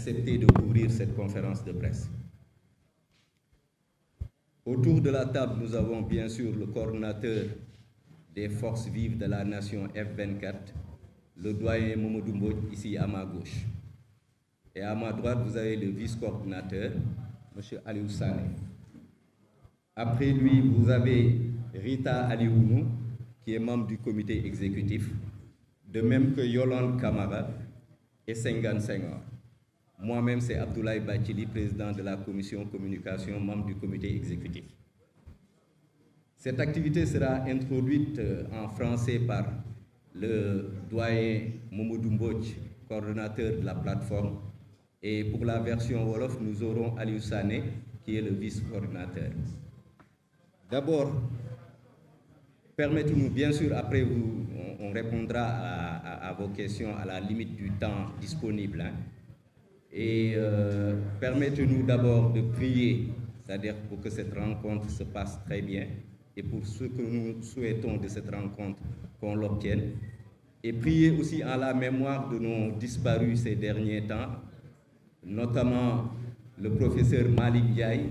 accepté de couvrir cette conférence de presse. Autour de la table, nous avons bien sûr le coordinateur des forces vives de la nation F-24, le doyen Momodou Dumbo ici à ma gauche. Et à ma droite, vous avez le vice-coordinateur, M. Aliou Sane. Après lui, vous avez Rita Aliounou, qui est membre du comité exécutif, de même que Yolande Kamara et Sengan Senghor. Moi-même, c'est Abdoulaye Bachili, président de la commission communication, membre du comité exécutif. Cette activité sera introduite euh, en français par le doyen Momodou Mboch, coordonnateur de la plateforme. Et pour la version Wolof, nous aurons Aliou Sané, qui est le vice-coordinateur. D'abord, permettez-nous, bien sûr, après vous, on répondra à, vos questions à la limite du temps disponible. Hein. Et euh, permettez-nous d'abord de prier, c'est-à-dire pour que cette rencontre se passe très bien et pour ce que nous souhaitons de cette rencontre, qu'on l'obtienne. Et prier aussi en la mémoire de nos disparus ces derniers temps, notamment le professeur Malik Diaye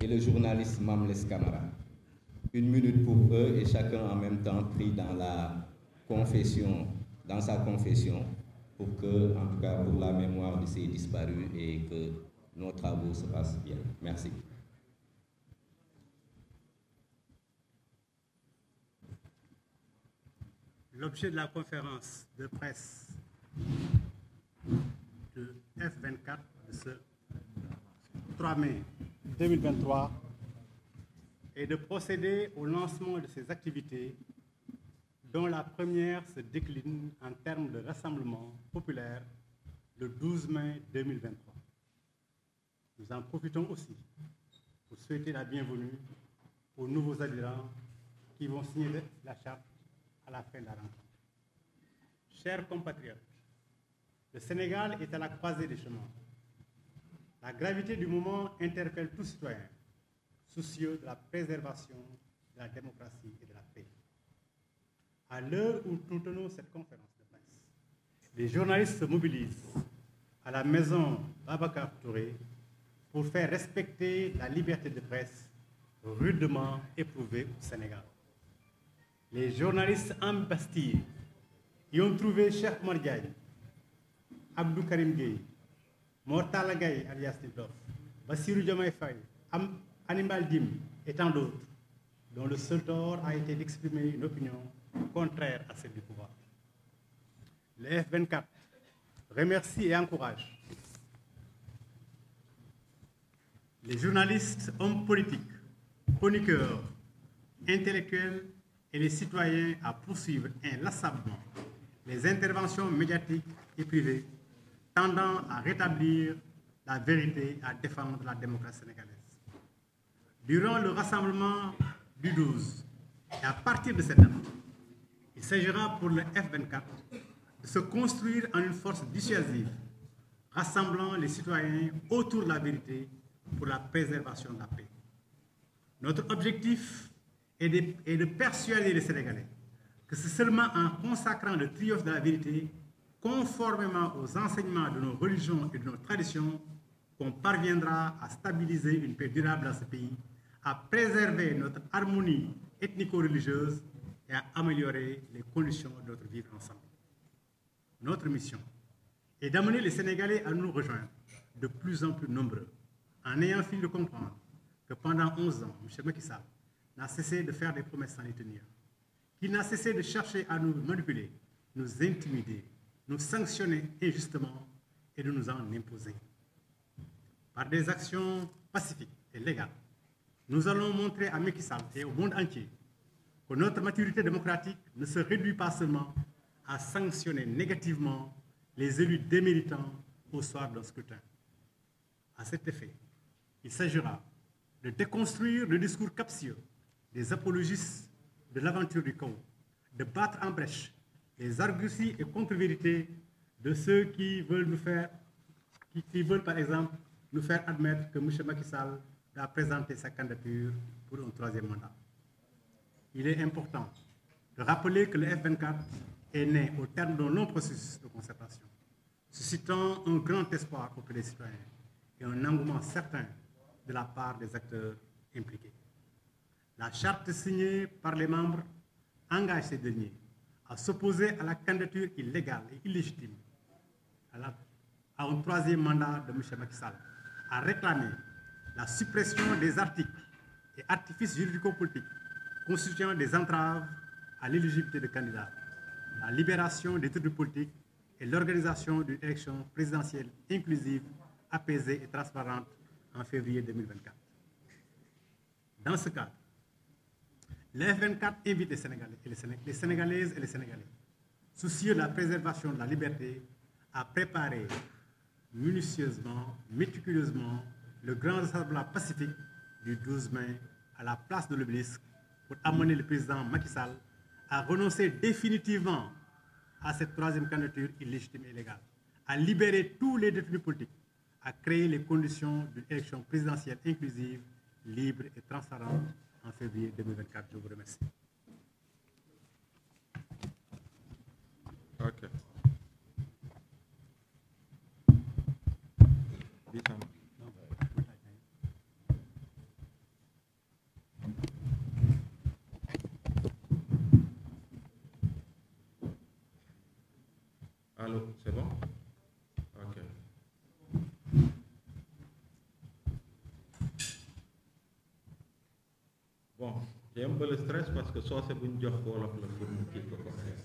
et le journaliste Mamles Kamara. Une minute pour eux et chacun en même temps prie dans la confession, dans sa confession, pour que, en tout cas, pour la mémoire de ces disparus et que nos travaux se passent bien. Merci. L'objet de la conférence de presse de F24 de ce 3 mai 2023 est de procéder au lancement de ces activités dont la première se décline en termes de rassemblement populaire le 12 mai 2023. Nous en profitons aussi pour souhaiter la bienvenue aux nouveaux adhérents qui vont signer la charte à la fin de la rencontre. Chers compatriotes, le Sénégal est à la croisée des chemins. La gravité du moment interpelle tout citoyens soucieux de la préservation de la démocratie et de à l'heure où nous tenons cette conférence de presse, les journalistes se mobilisent à la maison Babacar Touré pour faire respecter la liberté de presse rudement éprouvée au Sénégal. Les journalistes en Bastille y ont trouvé Cheikh Mordiagne, Abdou Karim Gueye, Mortal alias Niblof, Bassirou Diomaye Faye, Animal Dim et tant d'autres, dont le seul tort a été d'exprimer une opinion contraire à celle du pouvoir. Le F-24 remercie et encourage les journalistes, hommes politiques, chroniqueurs, intellectuels et les citoyens à poursuivre inlassablement les interventions médiatiques et privées tendant à rétablir la vérité et à défendre la démocratie sénégalaise. Durant le rassemblement du 12, et à partir de cette date, s'agira pour le F-24 de se construire en une force dissuasive, rassemblant les citoyens autour de la vérité pour la préservation de la paix. Notre objectif est de, est de persuader les Sénégalais que c'est seulement en consacrant le triomphe de la vérité, conformément aux enseignements de nos religions et de nos traditions, qu'on parviendra à stabiliser une paix durable dans ce pays, à préserver notre harmonie ethnico-religieuse à améliorer les conditions de notre vivre ensemble. Notre mission est d'amener les Sénégalais à nous rejoindre de plus en plus nombreux, en ayant fini de comprendre que pendant 11 ans, M. Macky Sall n'a cessé de faire des promesses sans les tenir, qu'il n'a cessé de chercher à nous manipuler, nous intimider, nous sanctionner injustement et de nous en imposer. Par des actions pacifiques et légales, nous allons montrer à Macky Sall et au monde entier que notre maturité démocratique ne se réduit pas seulement à sanctionner négativement les élus déméritants au soir d'un scrutin. À cet effet, il s'agira de déconstruire le discours captieux des apologistes de l'aventure du camp, de battre en brèche les arguties et contre-vérités de ceux qui veulent nous faire, par exemple nous faire admettre que M. Macky Sall a présenté sa candidature pour un troisième mandat il est important de rappeler que le F-24 est né au terme d'un long processus de concertation, suscitant un grand espoir auprès des citoyens et un engouement certain de la part des acteurs impliqués. La charte signée par les membres engage ces derniers à s'opposer à la candidature illégale et illégitime, à, un troisième mandat de M. Macky Sall, à réclamer la suppression des articles et artifices juridico-politiques constituant des entraves à l'éligibilité de candidats, la libération des titres politiques et l'organisation d'une élection présidentielle inclusive, apaisée et transparente en février 2024. Dans ce cadre, lf 24 invite les Sénégalais et les Sénégalaises et les Sénégalais, soucieux de la préservation de la liberté, à préparer minutieusement, méticuleusement, le grand rassemblement pacifique du 12 mai à la place de l'obélisque pour amener le président Macky Sall à renoncer définitivement à cette troisième candidature illégitime et illégale, à libérer tous les détenus politiques, à créer les conditions d'une élection présidentielle inclusive, libre et transparente en février 2024. Je vous remercie. Hein. peu le parce que soose bu ñu jox wolof la pour mu kii ko comprendre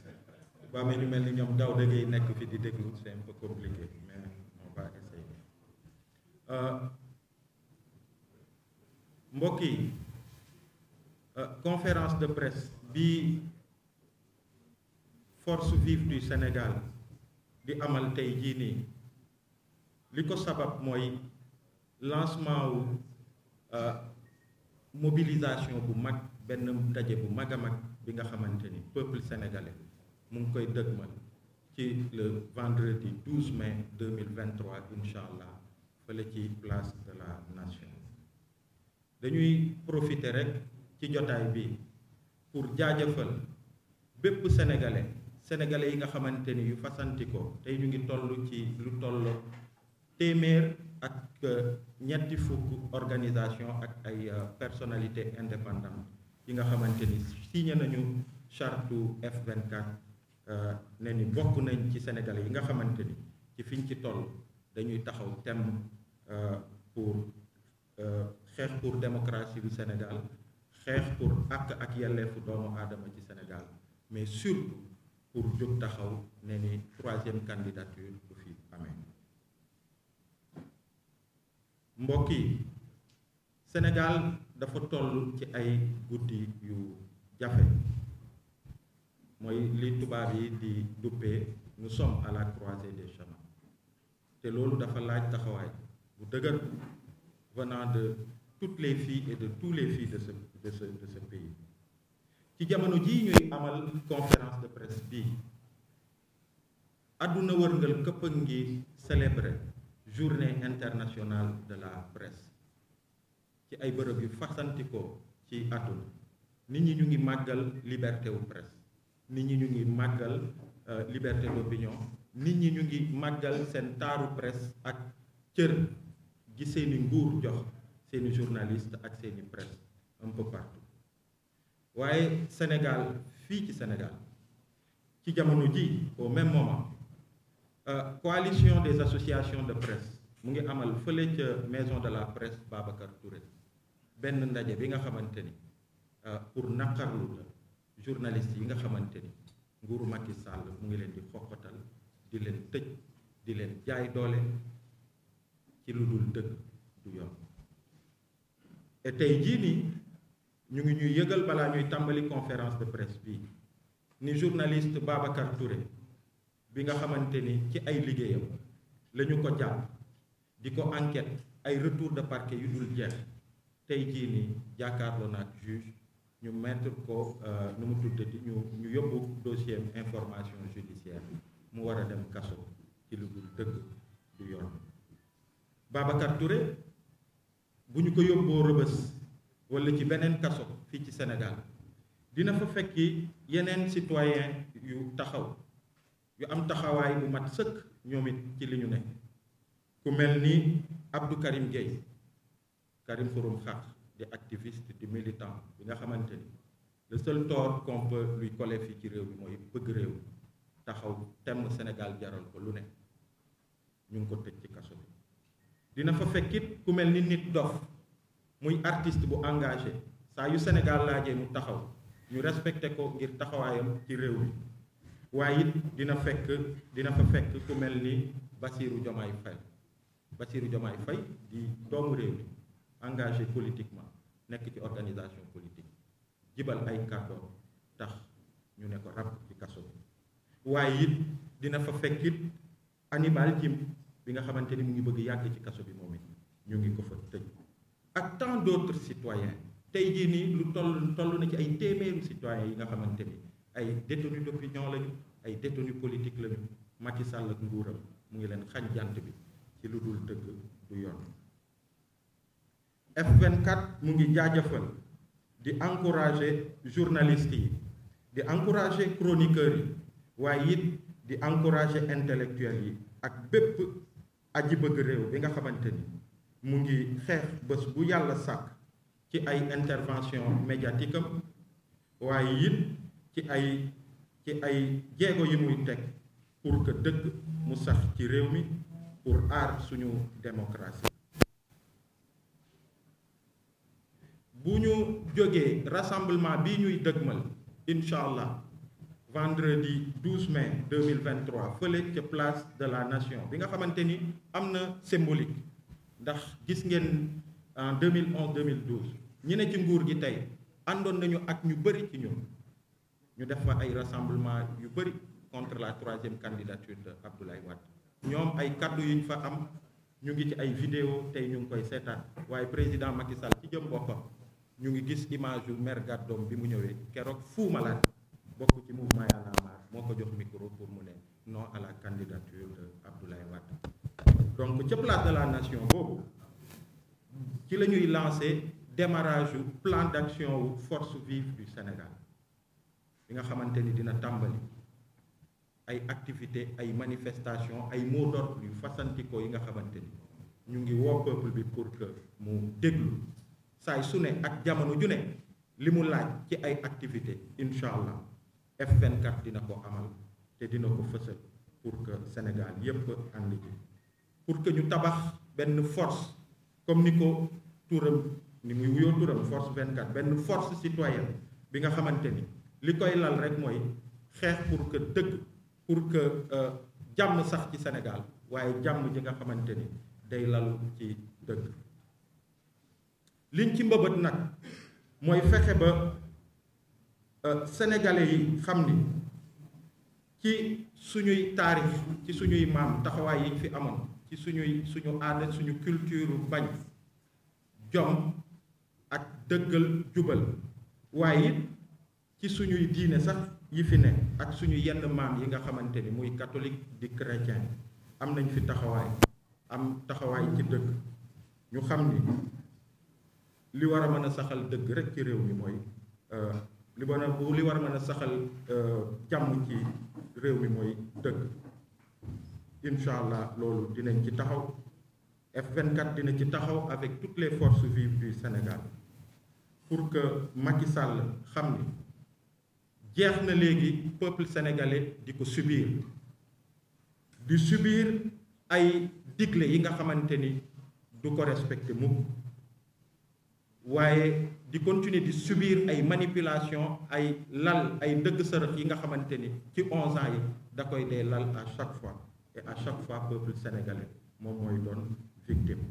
ba mel ni ñoom daw dangay nekk fi di déglu c'est un peu compliqué mais on va essayer euh, mbokk euh, conférence de presse bi force vive du Sénégal di amal tey jii li ko sabab mooy lancement wu euh, mobilisation bu mag benn ndaje bu mag a mag bi nga xamante ni peuple sénégalais mu ngi koy dëgmal ci le vendredi 12 mai 2023 incha allah fële ci place de la nation dañuy profiter rek ci jotaay bi pour jaajëfal bépp sénégalais sénégalais yi nga xamante ni yu fasanti ko tey ñu ngi toll ci lu toll téeméer ak que ñetti fukk organisation ak ay euh, personnalité indépendante yi nga xamante ni signé nañu charte F24 euh, ne ni bokk nañ ci sénégal yi nga xamante ni ci fiñ ci toll dañuy taxaw temm euh, pour xeex pour démocratie bu Sénégal xeex pour àq ak yelleefu doomu aadama ci Sénégal mais surtout pour jóg taxaw ne ni troisième candidature bu fi amee mbokk yi Sénégal dafa toll ci ay guddi yu jafe mooy li tubaab yi di duppee nous sommes à la croisée des chemins te loolu dafa laaj taxawaay bu dëgër venant de toutes les filles et de tous les filles de ce de ce de ce pays ci jamono jii ñuy amal conférence de presse bii àdduna wërngal këpp ngi célébrer journée internationale de la presse ci ay bërëb yu fasantikoo ci àdduna nit ñi ñu ngi màggal liberté wu presse nit ñi ñu ngi màggal euh, liberté d'opinion nit ñi ñu ngi màggal seen taaru presse ak cër gi seeni nguur jox seeni journaliste ak seeni presse un peu partout waaye Sénégal fii ci Sénégal ci jamono ji au même moment Euh, coalition des associations de presse mu ngi amal fele ca maison de la presse Babacar Touré benn ndaje bi nga xamante ni euh, pour naqarlu la journaliste yi nga xamante ni nguuru Macky Sall mu ngi leen di xoqatal di leen tëj di leen jaay doole ci lu dul dëgg du yoon et tey jii nii ñu ngi ñuy yëgal balaa ñuy tàmbali conférence de presse bii ni journaliste Babacar Touré bi nga xamante ni ci ay liggéeyam lañu ko jàpp di ko enquête ay retour de parquet yu dul jeex tey jii nii jàkkaarloo na ak juge ñu mettre ko euh, nu mu tuddati ñu ñu yóbbu dossier information judiciaire mu war a dem kaso ci lu dul dëgg du yoon Babacar Touré bu ñu ko yóbboo rëbës walla ci beneen kaso fii ci Sénégal dina fa fekki yeneen citoyen yu taxaw yu am taxawaay bu mat sëkk ñoom it ci li ñu ne ku mel ni abdu Karim Gueye Karim Xurum Xaq di activiste di militant bi nga xamante ni la sël tort qu'on peut lui fii ci réew mi mooy bëgg réew taxaw temm senegal jaral ko lu ne ñu ngi ko tëj ci kaso bi dina fa fekkit ku mel ni nit dof muy artiste bu engage saa yu Sénégal laajee mu taxaw ñu respecté ko ngir taxawaayam ci réew mi waaye it dina fekk dina fa fekk ku mel ni Bassirou Diomaye Faye Bassirou Diomaye Faye di doomu réew mi engagé politiquement nekk ci organisation politique jibal ay kàddoom tax ñu ne ko rab ci kaso bi waaye it dina fa fekk it Hannibal Djim bi nga xamante ni mu ngi bëgg yàgg ci kaso bi moom it ñu ngi ko fa tëj ak tant d'autres citoyens tey jii nii lu toll toll na ci ay téeméeru citoyens yi nga xamante ni ay détenus d'opinion lañu ay détenus politique lañu Macky Sall ak nguuram mu ngi leen xañ jant bi ci lu dul dëgg du yoon F24 mu ngi jaajëfal di encourager journalistes yi di encourager chroniqueurs yi waaye it di encourager intellectuels yi ak bépp aji bëgg réew bi nga xamante ni mu ngi xeex bés bu yàlla sàkk ci ay intervention médiatique am waaye it ci ay ci ay jéego yi muy teg pour que dëgg mu sax ci réew mi pour aar suñu démocratie bu ñu jógee rassemblement bi ñuy dëgmal incha allah vendredi 12 mai 2023 fële ca place de la nation bi nga xamante ni am na symbolique ndax gis ngeen en 2011 2012 ñi ne ci nguur gi tey àndoon nañu ak ñu bëri ci ñun Nous def fa ay rassemblement yu contre la troisième candidature de Abdoulaye Wade avons ay kaddu yuñ fa am ñu ngi ci ay vidéo tey ñu ngi koy président Macky Sall ci jëm boppam ñu ngi gis image yu maire Gaddoom bi mu ñëwee Fou Malade bokk ci mouvement Y en a marre moo jox micro pour mu non à la candidature de Abdoulaye Wade donc ca place de la nation boobu ci lancé le démarrage du plan d'action force vive du Sénégal bi nga xamante ni dina tàmbali ay activité ay manifestation ay mot d'ordre yu fasantikoo yi nga xamante ni ñu ngi woo peuple bi pour que mu déglu saay su ne ak jamono ju ne li mu laaj ci ay activité incha allah F24 dina ko amal te dina ko fësal pour que Sénégal yépp ànd pour que ñu tabax benn force comme ni ko turam ni muy wuyoo turam force 24 benn force citoyenne bi nga xamante ni li koy lal rek mooy xeex pour que dëgg pour que euh, jàmm sax ci senegal waaye jàmm ji nga xamante ni day lalu ci dëgg liñ ci mbëbët nag mooy fexe ba euh, sénégalais yi xam ni ci suñuy taarix ci suñuy maam taxawaay yiñ fi amoon ci suñuy suñu aada suñu culture bañ jom ak dëggal jubal waaye ci suñuy diiné sax yi fi ne ak suñu yenn maam yi nga xamanteni ni muy catholique di chrétien am nañ fi taxaway am taxaway ci dëgg ñu xam ni li wara a mën a saxal dëgg rek ci réew mi mooy euh, li war a li war a mën a saxal euh, jàmm ci réew mi mooy dëgg incha allah loolu dinañ ci taxaw F24 dina ci taxaw avec toutes les forces vives du Sénégal pour que Macky Sall xam jeex na léegi peuple sénégalais diko subir di subir ay diglé yi nga xamante du ko respecter mukk waaye di continuer di subir ay manipulation ay lal ay dëgg sërëx yi nga xamante ci onze ans yi da koy dé lal à chaque fois et à chaque fois peuple sénégalais mom moy donne victime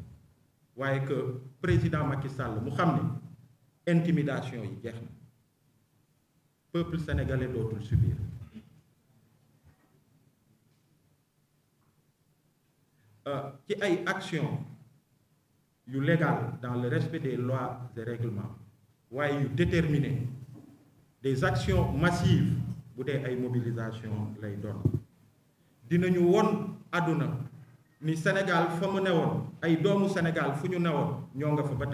waaye que président Macky Sall mu xamné intimidation yi jeex peuple sénégalais doit tout subir Qui euh, a une action légale dans le respect des lois et règlements ou déterminer déterminé des actions massives pour les mobilisations mobilisation lay nous dinañu won ni Sénégal fa mu newoon ay doomu Sénégal fu ñu newoon nous fa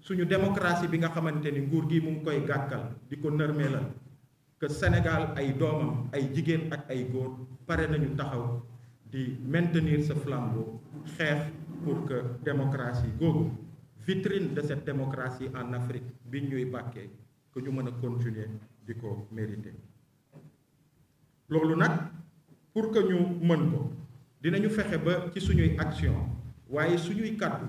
suñu démocratie bi nga xamante ni nguur gi mu ngi koy gàkkal di ko nërmeelal que senegal ay doomam ay jigéen ak ay góor pare nañu taxaw di maintenir ce flambeau xeex pour que démocratie googu vitrine de cette démocratie en Afrique bi ñuy bàkkee que ñu mën a continuer di ko mériter loolu nag pour que ñu mën ko dinañu fexe ba ci suñuy action waaye suñuy kàddu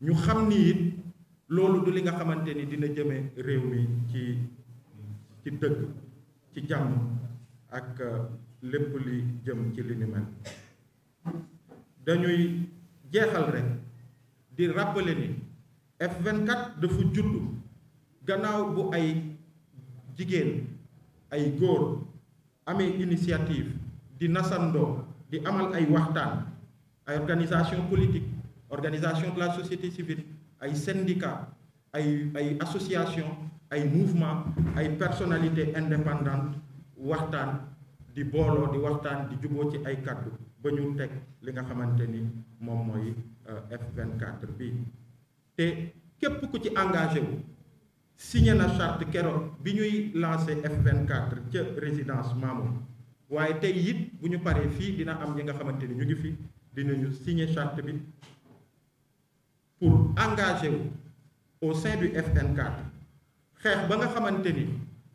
ñu xam ni loolu du li nga xamante ni dina jëme réew mi ci ci dëgg ci jàmm ak euh, lépp li jëm ci li ni mel dañuy jeexal rek di rappeler ni F24 dafa juddu gannaaw bu ay jigéen ay góor amee initiative di nasandoo di amal ay waxtaan ay organisation politique organisation de la société civile ay syndicats ay ay association ay mouvement ay personnalité indépendante waxtan di bolo di waxtan di juboo ci ay kàddu ba ñu teg li nga xamanteni mom moy euh, F24 bi té képp ku ci engagé wu signé na charte kéro bi ñuy lancé F24 ci résidence Mamoun waye tey yit bu ñu paree dina am ñi nga xamanteni ñu ngi fi dinañu signé charte bi pour engager au sein du FN4 xeex ba nga xamanteni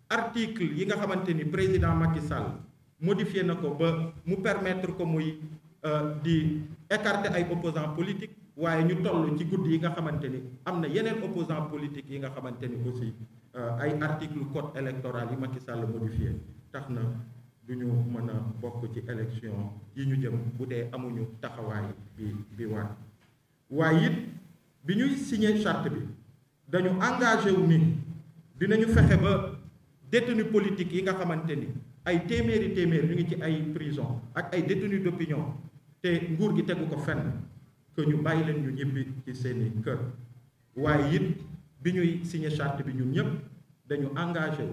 article yi nga xamanteni président Macky Sall modifié nako ba mu permettre ko muy euh, di écarter ay opposants politiques waye ñu tollu ci guddi yi nga xamanteni amna yenen opposants politiques yi nga xamanteni aussi euh, ay article code électoral yi Macky Sall modifié taxna duñu mëna bok ci élection yi ñu jëm budé amuñu taxawaay bi bi waat waye bi ñuy signé charte bi dañu engagé wu ni dinañu fexé ba détenu politique yi nga xamante ni ay téméré téméré ñu ngi ci ay prison ak ay détenu d'opinion té nguur gi tegu ko fenn que ñu bàyyi leen ñu ñibbi ci seeni kër waaye it bi ñuy signé charte bi ñun ñëpp dañu engagé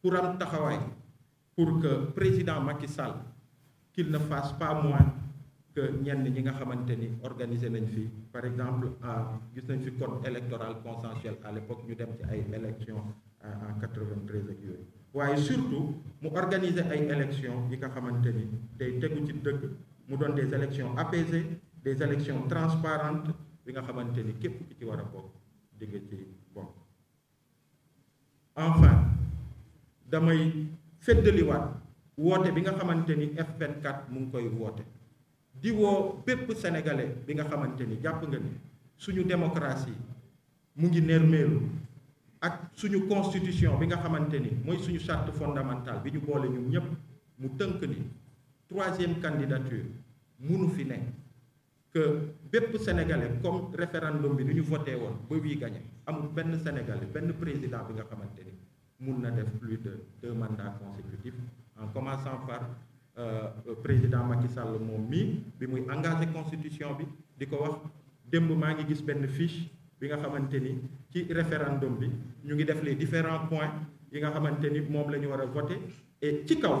pour am taxaway pour que président Macky Sall qu'il ne fasse pas moins que ñenn ñi nga xamante ni nañ fi par exemple gis nañ fi code électoral consensuel à l'époque ñu dem ci ay élections en 93 ak yooyu waaye surtout mu organiser ay élections yi nga xamante ni day tegu ci dëgg mu doon des élections apaisées des élections transparentes yi nga xamante ni képp ki ci war a bokk di nga ci bokk enfin damay féddaliwaat woote bi nga xamante ni F24 mu ngi koy woote di woo bépp sénégalais bi nga xamante ni jàpp nga ni suñu démocratie mu ngi nermeelu ak suñu constitution bi nga xamante ni mooy suñu charte fondamentale bi ñu boole ñun ñëpp mu tënk ni troisième candidature munu fi ne que bépp sénégalais comme référendum bi ni ñu voté woon ba wii gagné amul benn sénégalais benn président bi nga xamante ni mun na def plus de deux mandats consécutifs en commençant par euh, président Macky Sall mom mis, bi muy engagé constitution bi diko dit wax démb maa ngi gis benn fiche bi nga xamanteni ci référendum bi ñu ngi les différents points yi nga xamanteni mom lañu la voter et ci kaw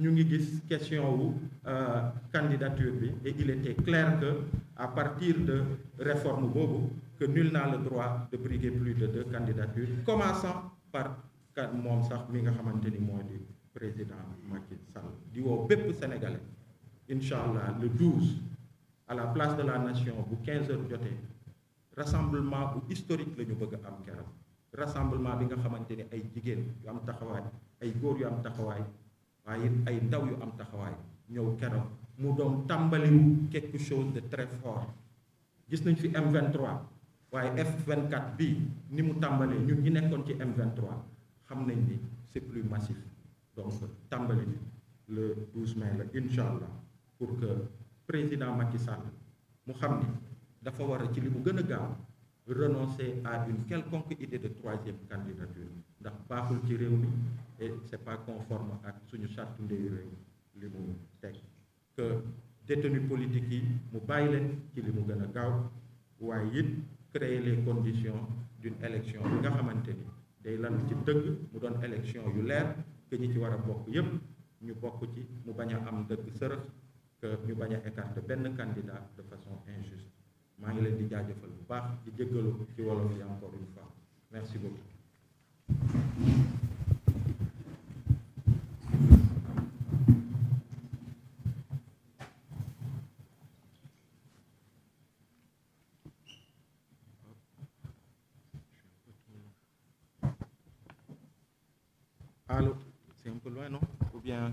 ñu ngi gis question wu euh, candidature et il était clair que à partir de réforme Bobo, que nul n'a le droit de briguer plus de deux candidatures commençant par mom sax mi nga xamanteni moy président Macky Sall di peuple sénégalais Inch'Allah, le 12 à la place de la nation bu 15 heures le rassemblement historique le ñu bëgg rassemblement bi nga xamante ni ay jigéen yu am taxawaay ay góor yu am taxawaay waaye ay quelque chose de très fort gis nañ fi M23 ou F24 b nous mu tàmbalee ñun M23 c'est plus massif donc le 12 mai Inch'Allah, pour que le président Macky Sall mu xam ni dafa ci à une quelconque idée de troisième candidature ndax baaxul ci réew mi et c'est pas conforme à suñu charte nous réew li mu que détenu politique yi mu bàyyi leen ci li créer les conditions d'une élection bi nga xamante ni day lan ci dëgg mu doon élection yu leer que ñi ci war a bokk yépp ñu bokk ci mu bañ am dëgg sërëx que ñu bañ a écarter candidat de façon injuste ngi leen di bu baax di ci wolof yi encore une fois merci beaucoup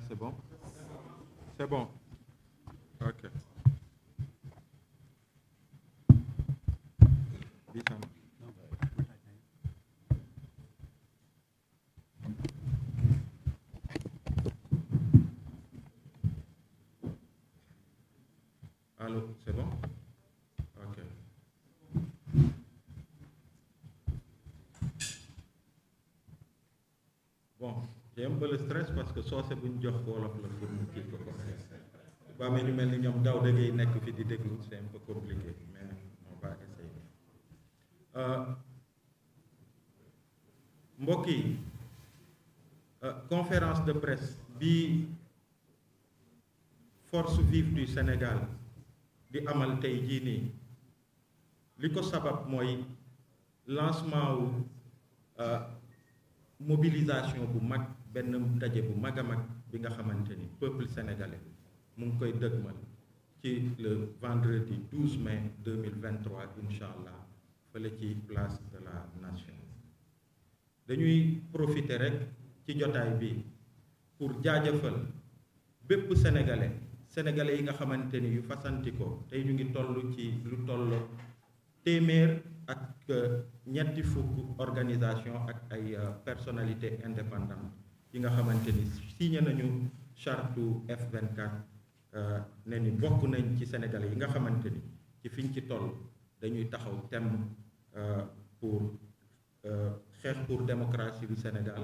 c'est bon C'est bon. Ok. Hein. Allô, c'est bon Ok. Bon te le stress parce que ça c'est ñu jox wolof la pour mu kii ko ko bu amee ñu mel ni daw da ngay nekk fi di déglu c'est un peu compliqué mais on va essayer euh, mbokk yi euh, conférence de presse bi force vive du Sénégal di amal tey jii nii li ko sabab mooy lancement wu euh, mobilisation bu mag benn ndaje bu mag a mag bi nga xamante ni peuple sénégalais mu ngi koy dëgmal ci le vendredi 12 mai 2023 incha allah fële ci place de la nation dañuy profiter rek ci jotaay bi pour jaajëfal bépp sénégalais sénégalais yi nga xamante ni yu fasantikoo tey ñu ngi toll ci lu toll téeméer ak euh, ñetti fukk organisation ak ay euh, personnalité indépendante yi nga xamante ni signé nañu charte F24 ne ni bokk nañ ci sénégalais yi nga xamante ni ci fiñ ci toll dañuy taxaw temm eh, pour eh, xeex pour démocratie bu Sénégal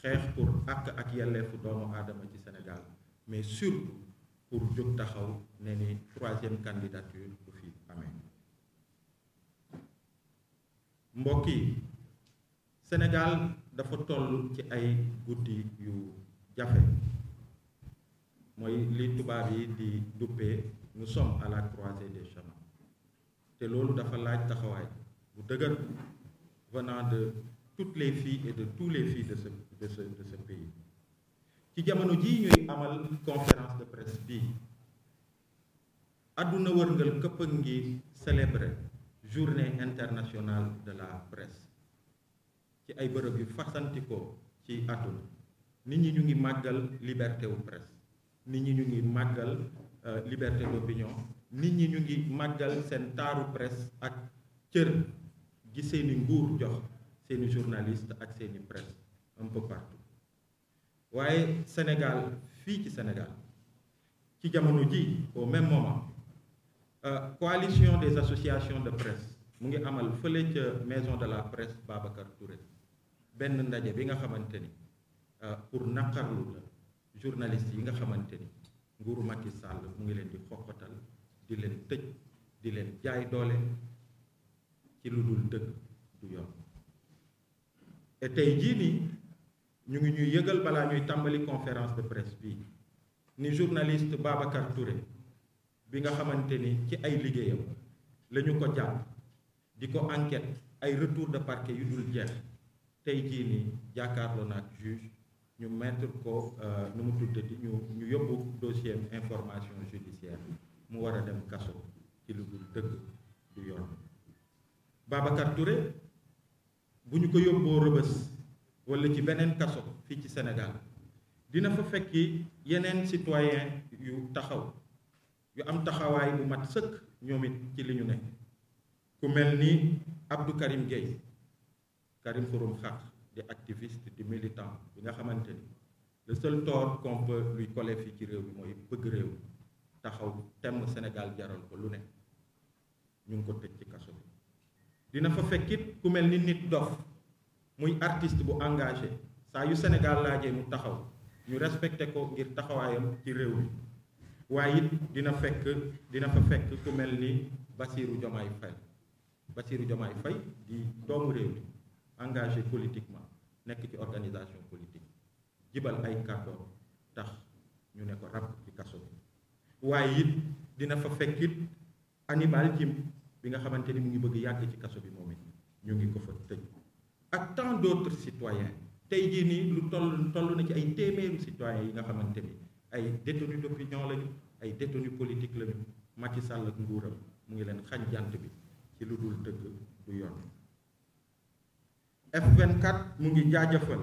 xeex pour àq ak yelleefu doomu aadama ci Sénégal mais surtout pour jóg taxaw ne troisième candidature fi Sénégal dafa toll ci ay guddi yu jafe mooy li tubaab yi di duppee nous sommes à la croisée des chemins te loolu dafa laaj taxawaay bu dëgër venant de toutes les filles et de tous les filles de ce de ce de ce pays ci jamono jii ñuy amal conférence de presse bii àdduna wërngal këpp ngi célébrer journée internationale de la presse ci ay bërëb yu fasantikoo ci àdduna nit ñi ñu ngi màggal liberté wu presse nit ñi ñu ngi màggal euh, liberté d'opinion nit ñi ñu ngi màggal seen taaru presse ak cër gi seeni nguur jox seeni journaliste ak seeni presse un peu partout waaye Sénégal fii ci Sénégal ci jamono ji au même moment euh, coalition des associations de presse mu ngi amal fële ca maison de la presse Babacar Touré ben ndaje bi nga xamante ni euh, pour naqarlu la journaliste yi nga xamante ni nguuru Macky Sall mu ngi leen di xoqatal di leen tëj di leen jaay doole ci lu dul dëgg du yoon te tey jii nii ñu ngi ñuy yëgal balaa ñuy tàmbali conférence de presse bii ni journaliste Babacar Touré bi nga xamante ci ay liggéeyam la ko jàpp di ko enquête ay retour de parquet yu dul jeex tey jii nii ya jàkkaarloo naag juge ñu mettre ko eh, nu mu tuddati ñu ñu dossier information judiciaire mu war dem kaso ci lu dul dëgg du yoon Babacar Touré bu ñu ko yóbboo rëbës wala ci beneen kaso fii ci Sénégal dina fa fekki yeneen citoyen yu taxaw yu am taxawaay bu mat sëkk ñoom ci li ku ni Abdou Karim Gueye Karim Khouroum Khak di activiste di militant bi nga xamante le seul tort qu'on peut lui coller fii ci réew mi mooy bëgg réew taxaw temm Sénégal jaral ko lu ne ñu ngi ko tëj ci kaso bi dina fa fekkit ku mel ni nit dof muy artiste bu engagé saa yu Sénégal laajee mu taxaw ñu respecté ko ngir taxawaayam ci réew mi waaye it dina fekk dina fa fekk ku melni Basirou Bassirou Diomaye Faye Basirou Diomaye Faye di doomu rew mi engagé politiquement nekk ci organisation politique jibal ay kàddoom tax ñu ne ko ràpp ci kaso bi waaye it dina fa fekkit Hannibal Djim bi nga xamante ni mu ngi bëgg yàgg ci kaso bi moom it ñu ngi ko fa tëj ak tant d'autres citoyens tey jii nii lu toll toll na ci ay téeméeru citoyens yi nga xamante ni ay détenus d'opinion lañu ay détenus politique lañu Macky Sall ak nguuram mu ngi leen xañ jant bi ci lu dul dëgg du yoon F24 mu ngi jaajëfal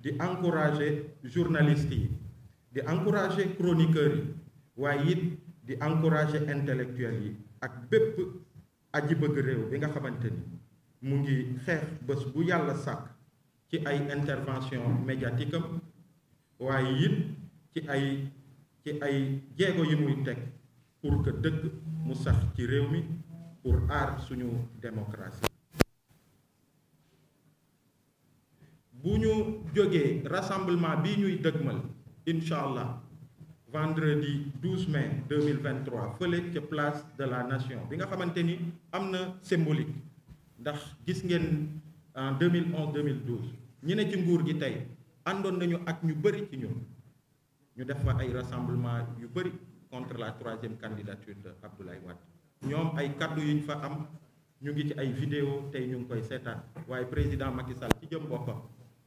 di encourager journalistes yi di encourager chroniqueurs yi waaye it di encourager intellectuels yi ak bépp aji bëgg réew bi nga xamante ni mu ngi xeex bés bu yàlla sàkk ci ay intervention médiatique am waaye it ci ay ci ay jéego yi muy teg pour que dëgg mu sax ci réew mi pour aar suñu démocratie buñu joggé rassemblement bi ñuy deugmal inshallah vendredi 12 mai 2023 feulé ci place de la nation bi nga xamanteni amna symbolique ndax gis ngeen en 2011 2012 ñi ne ci nguur gi tay andon nañu ak ñu bari ci ñun ñu def fa ay rassemblement yu bari contre la troisième candidature de Abdoulaye Wade ñoom ay kaddu yuñ fa am ñu ngi ci ay vidéo tay ñu ngi koy seetaan waye président Macky Sall ci jëm boppam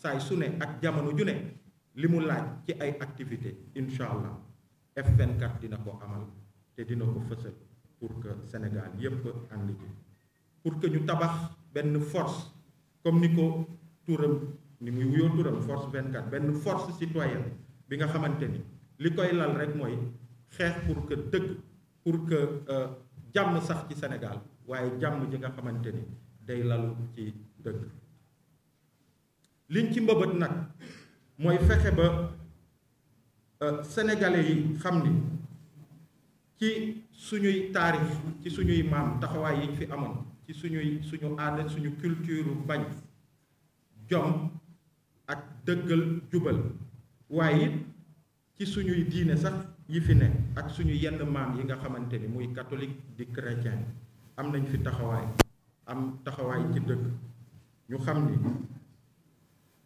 saay su ne ak jamono ju ne li mu laaj ci ay activité allah f dina ko amal te dina ko fësal pour que Sénégal yépp ànd pour que ñu tabax force comme ni ko turam ni muy turam force 24 ben force citoyenne bi nga xamante ni li koy lal rek mooy xeex pour que dëgg pour que euh, jàmm sax ci Sénégal waaye jàmm ji nga day lalu ci dëgg liñ ci mbëbët nag mooy fexe ba euh, sénégalais yi xam ni ci suñuy taarix ci suñuy maam taxawaay yi fi amoon ci suñuy suñu aada suñu culture bañ jom ak dëggal jubal waaye it ci suñuy diine sax yi fi ne ak suñu yenn maam yi nga xamante ni muy katolik di chrétien am nañ fi taxawaay am taxawaay ci dëgg ñu xam ni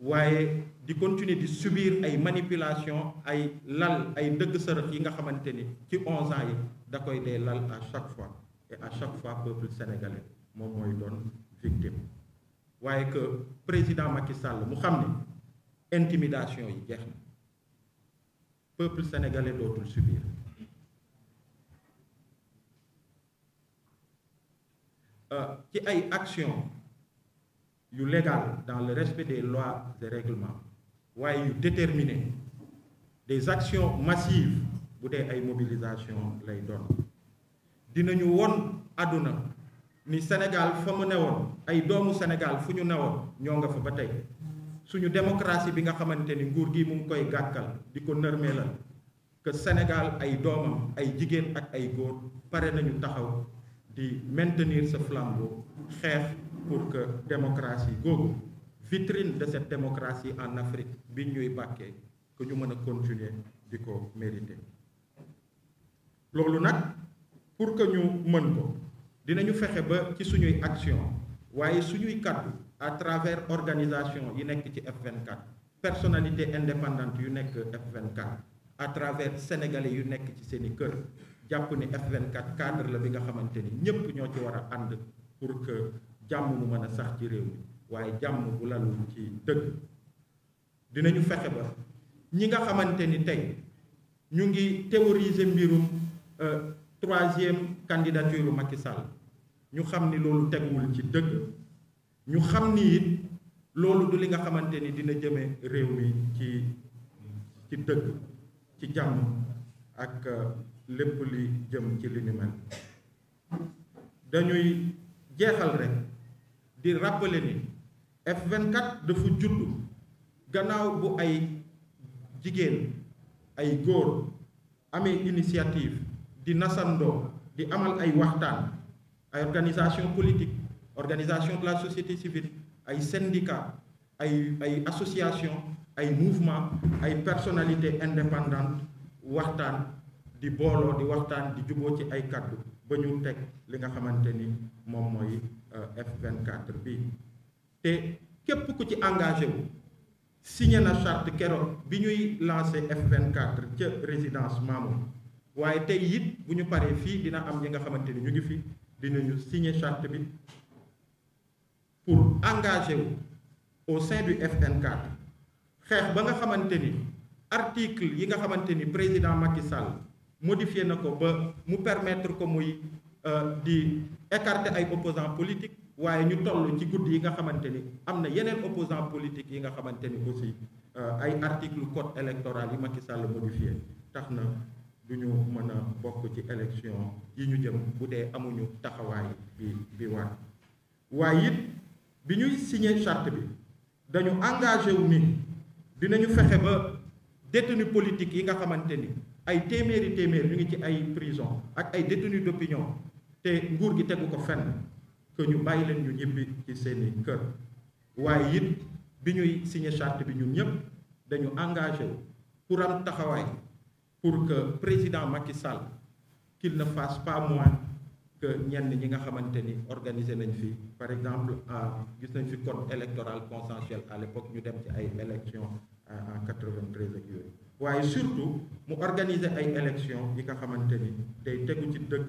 waaye di continuer de subir ay manipulation ay lal ay dëgg sërëx yi nga xamante qui ci onze ans yi da lal à chaque fois et à chaque fois peuple sénégalais est il donne victime waaye que président Macky Sall mu xam intimidation yi jeex peuple sénégalais doit subir eu ay action You légal dans le respect des lois et règlements Why you déterminé des actions massives pour les ay mobilisation lay doon dinañu won aduna ni Sénégal famu ay Sénégal fuñu néwon fa batay suñu démocratie bi nga nguur gi mu koy que Sénégal ay ay ak ay maintenir ce flambeau pour que démocratie la vitrine de cette démocratie en Afrique continue à que nous continuer mériter pour que nous puissions, faire dinañu actions, ba ci action à travers l'organisation F24 personnalité indépendante yu F24 à travers sénégalais yu nekk ci F24 cadre la bi nga pour que jàmm mu mën a sax ci réew mi waaye jàmm bu lalu ci dëgg dinañu fexe ba ñi nga xamante ni tey ñu ngi théoriser mbirum euh, troisième candidature Macky sàll ñu xam ni loolu teguwul ci dëgg ñu xam ni loolu du li nga xamante ni dina jëme réew mi ci ci dëgg ci jàmm ak euh, lépp li jëm ci li ni mel dañuy jeexal rek di rappeler ni F24 dafa judd gannaaw bu ay jigéen ay góor amee initiative di nasandoo di amal ay waxtaan ay organisation politique organisation de la société civile ay syndicat ay ay association ay mouvement ay personnalité indépendante waxtaan di booloo di waxtaan di juboo ci ay kàddu ba ñu teg li nga xamante ni moom mooy Euh, F24 bi té képp ku ci engagé wu signé na charte qui bi ñuy lancer F24 ci résidence Mamou waaye tey yit bu ñu paree fii dina am ñi nga xamanteni ñu ngi fi dinañu signé charte bi pour engagé wu au sein du F24 xex ba nga xamanteni article yi nga xamanteni président Macky Sall modifié pour ba mu permettre ko muy Euh, di écarter ay opposants politiques waaye ñu toll ci guddi yi nga xamante ni am na yeneen opposants politiques yi nga xamante ni aussi euh, ay article code électoral yi Macky Sall modifié tax na du ñu mën a bokk ci élection yi ñu jëm bu dee amuñu taxawaay bi bi waaye it bi ñuy signé charte bi dañu engagé wu ni dinañu fexe ba détenu politique yi nga xamante ni ay téeméeri téeméer ñu ngi ci ay prison ak ay détenus d'opinion te nguur gi tegu ko fenn que ñu bàyyi leen ñu ñibbi ci seeni kër waaye it bi ñuy signé charte bi ñun ñëpp dañu engagé wu pour am taxawaay pour que président Macky Sall qu'il na fasse pas moins que ñenn ñi nga xamante ni organiser nañ fi par exemple gis nañ fi code électoral consensuel à ñu dem ci ay élections en 93 ak yooyu waaye surtout mu organiser ay élections yi nga xamante ni day tegu ci dëgg.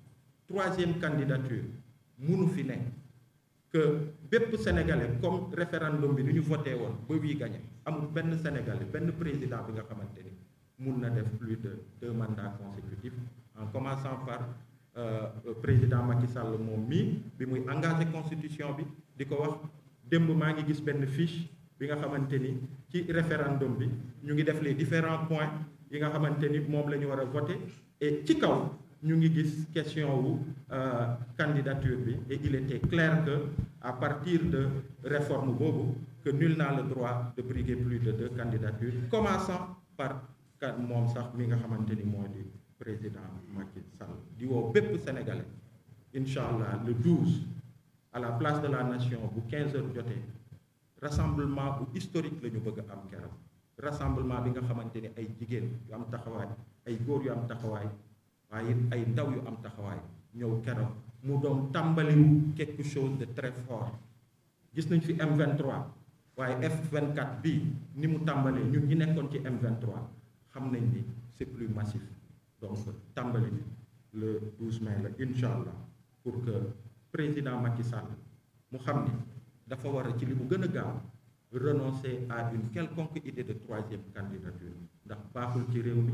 troisième candidature munu fi que bépp sénégalais comme référendum bi lu ñu voté nous ba gagné. gagné amul benn sénégalais benn président bi nga xamante nous mun na plus de deux mandats consécutifs en commençant par euh, euh, président Macky Sall moom mii bi muy engagé constitution bi di moments, wax démb maa ngi gis benn fiche qui nga xamante ci référendum bi ñu ngi def les différents points yi nga xamante ni moom la ñu voté et ci kaw ñu ngi gis question euh, candidature et il était clair que à partir de réforme Bobo que nul n'a le droit de briguer plus de deux candidatures commençant par le président Macky Sall sénégalais le 12 à la place de la nation ou 15 heures rassemblement historique le rassemblement bi nga Aïda, ay ndaw yu am taxaway ñew keroog mu doon quelque chose de très fort gis nañ fi M23 waye F24 bi ni mu tambalé ñun ñi ci M23 xam nañ ni c'est plus massif donc tàmbali le 12 mai la pour que président Macky Sall mu xam ni dafa war ci li renoncer à une quelconque idée de troisième candidature ndax baaxul ci réew mi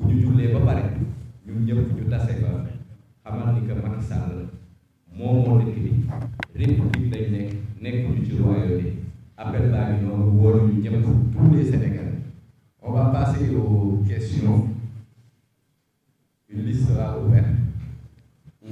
bu ñu jullee ba pare ñun ñëpp ñu tase ba xamal ni que Macky Sall moom moo dëkk bi république lañ nekk nekkuñu ci royauté appel baa ngi noonu wóolu ñu ñëpp tous les Sénégalais on va passer aux questions une liste sera ouverte ou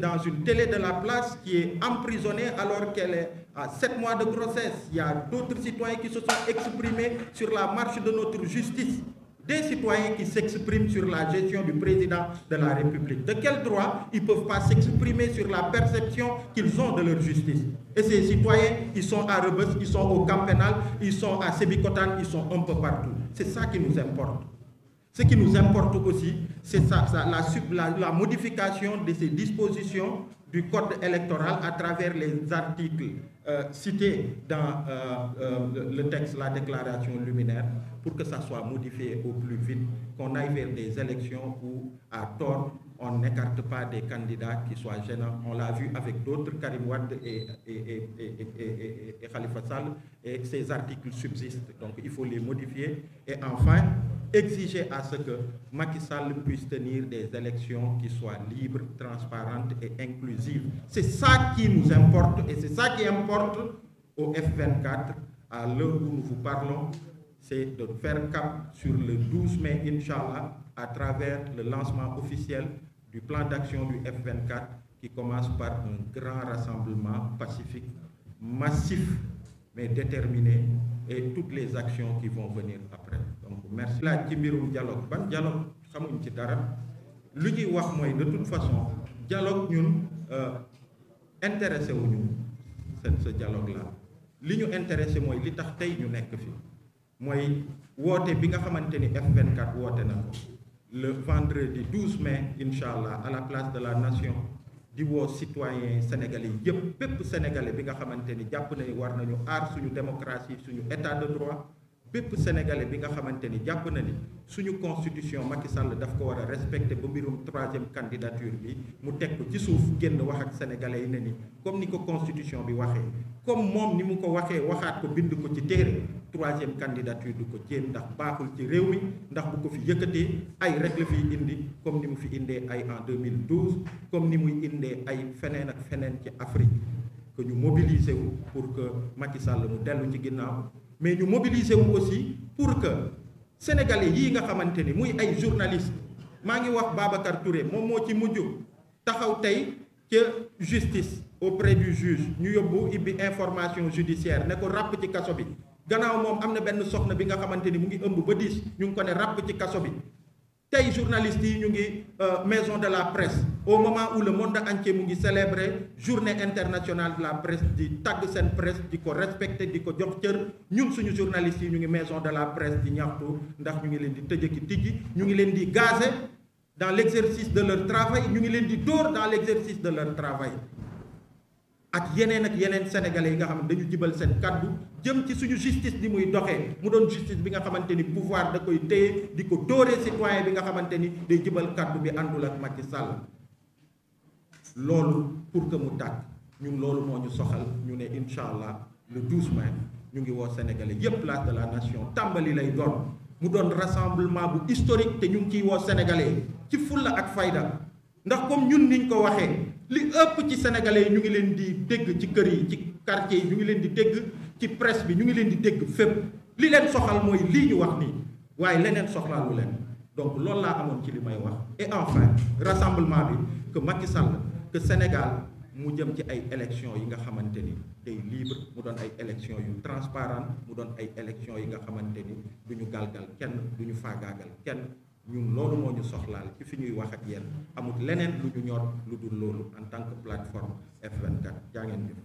dans une télé de la place qui est emprisonnée alors qu'elle est à 7 mois de grossesse. Il y a d'autres citoyens qui se sont exprimés sur la marche de notre justice. Des citoyens qui s'expriment sur la gestion du président de la République. De quel droit ils ne peuvent pas s'exprimer sur la perception qu'ils ont de leur justice Et ces citoyens, ils sont à Rebus, ils sont au Camp Pénal, ils sont à Sébicotan, ils sont un peu partout. C'est ça qui nous importe. Ce qui nous importe aussi, c'est ça, la, la, modification de ces dispositions du code électoral à travers les articles euh, cités dans euh, euh, le texte, la déclaration luminaire, pour que ça soit modifié au plus vite, qu'on aille vers des élections où, à tort, on n'écarte pas des candidats qui soient gênants. On l'a vu avec d'autres, Karim Wad et, et, et, Khalifa Sall, et ces articles subsistent. Donc il faut les modifier. Et enfin, exiger à ce que Macky Sall puisse tenir des élections qui soient libres, transparentes et inclusives. C'est ça qui nous importe et c'est ça qui importe au F24 à l'heure où nous vous parlons, c'est de faire cap sur le 12 mai, Inch'Allah, à travers le lancement officiel du plan d'action du F24 qui commence par un grand rassemblement pacifique, massif, mais déterminé, et toutes les actions qui vont venir après. merci laaj ci mbirum dialogue ba dialogue xamuñ ci dara li ñuy wax mooy de toute façon dialogue ñun euh, intéressé wuñu seen sa dialogue la li ñu intéressé mooy li tax tey ñu nekk fi mooy woote bi nga xamante ni f quatre woote na ko le vendredi 12 mai incha allah à la place de la nation di woo citoyen sénégalais yëpp bépp sénégalais bi nga xamante ni jàpp na war nañu aar suñu démocratie suñu état de droit bépp sénégalais bi nga xamante ni jàpp na ni suñu constitution Macky Sall daf ko war a respecté ba mbirum troisième candidature bi mu teg ko ci suuf génn wax ak sénégalais yi ne ni comme ni ko constitution bi waxee comme moom ni mu ko waxee waxaat ko bind ko ci téere troisième candidature du ko jéem ndax baaxul ci réew mi ndax bu ko fi yëkkatee ay rek la fiy indi comme ni mu fi indee ay en 2012 comme ni muy indee ay feneen ak feneen ci Afrique que ñu mobiliser wu pour que Macky Sall mu dellu ci ginnaaw mais ñu mobiliser wu aussi pour que sénégalais yii nga xamante ni muy ay journaliste maa ngi wax Babacar Touré moom moo ci mujj taxaw tey ca justice auprès du juge ñu yóbbu ibbi information judiciaire ne ko ràpp ci kaso bi gannaaw moom am na benn soxna bi nga xamante ni mu ngi ëmb ba diis ñu ngi ko ne ràpp ci kaso bi les journalistes yi ñu euh, maison de la presse au moment où le monde entier célèbre la journée internationale de la presse di de la presse de respecter de ko jox Nous, ñun journalistes yi ñu ngi maison de la presse di ñaxtu ndax ñu ngi dans l'exercice de leur travail Nous ngi leen di dans l'exercice de leur travail ak yeneen ak yeneen sénégalais yi nga xam ne dañu jibal seen kàddu jëm ci suñu justice ni muy doxee mu doon justice bi nga xamante ni pouvoir da koy téye di ko dóore citoyen bi nga xamante ni day jibal kàddu bi àndul ak Macky Sall loolu pour que mu tàkk ñun loolu moo ñu soxal ñu ne incha allah le 12 mai ñu ngi woo sénégalais yépp place de la nation tàmbali lay doon mu doon rassemblement bu historique te ñu ngi ciy woo sénégalais ci fulla ak fayda ndax comme ñun niñ ko waxee li ëpp ci sénégalais yi ñu ngi leen di dégg ci kër yi ci quartier yi ñu ngi leen di dégg ci presse bi ñu ngi leen di dégg fépp li leen soxal mooy lii ñu wax nii waaye leneen soxlaalu leen donc loolu laa amoon ci li may wax et enfin rassemblement bi que Macky Sall que Sénégal mu jëm ci ay élections yi nga xamante ni day libre mu doon ay élections yu transparent mu doon ay élections yi nga xamante ni du ñu galgal kenn du ñu faagaagal kenn ñun loolu moo ñu soxlaal ci fi ñuy wax ak yéen amut leneen lu ñu ñor lu dul loolu en tant que plateforme F24 jaa ngeen jëf